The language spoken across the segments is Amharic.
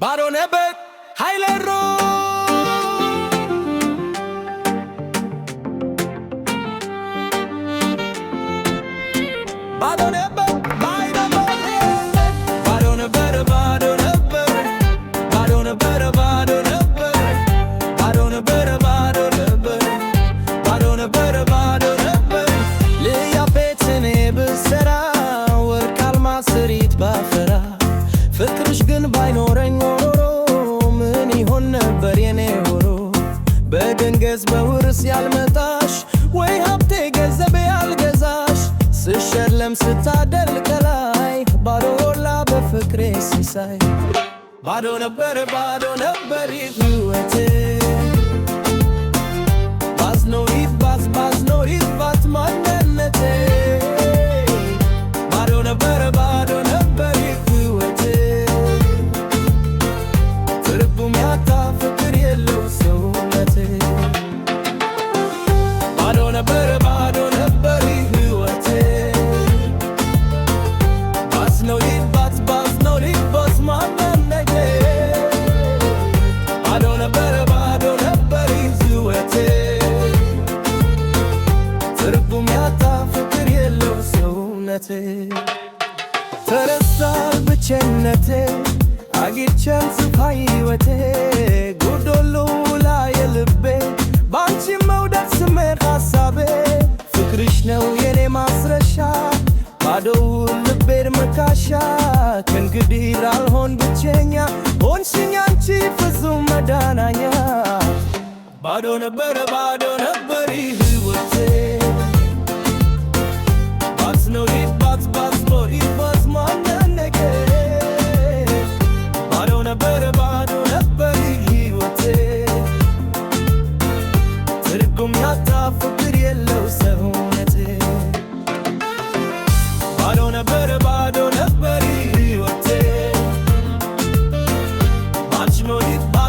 Baron Ebbet, Heiler Baron ኬዝ በውርስ ያልመጣሽ ወይ ሀብቴ ገንዘቤ ያልገዛሽ ስሸለም ስታደል ከላይ ባዶ ሆላ በፍቅሬ ሲሳይ ባዶ ነበር ባዶ ነበር ሕይወቴ ቸርነት ተረሳ ብቸኝነቴ አግኝቼን ስፋ ሕይወቴ ጎዶሎ ላይ የልቤ በአንቺ መውደድ ስሜት ሀሳቤ ፍቅርሽ ነው የኔ ማስረሻ ባዶው ልቤድ መካሻ ከእንግዲህ ላልሆን ብቸኛ ሆንሽኝ አንቺ ፍጹም መዳናኛ ባዶ ነበረ ባዶ ነበረ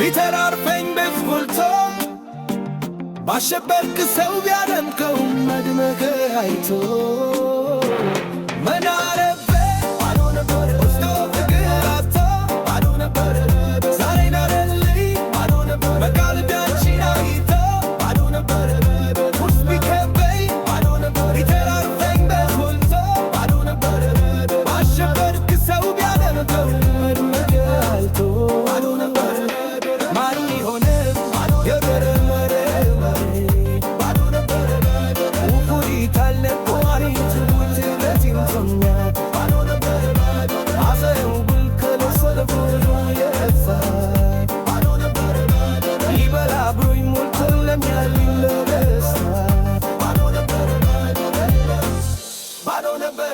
ቤት በዝሙልቶ ባሸበርክ ሰው ቢያደምከው መድመከ አይቶ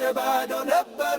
I Bada Bada Bada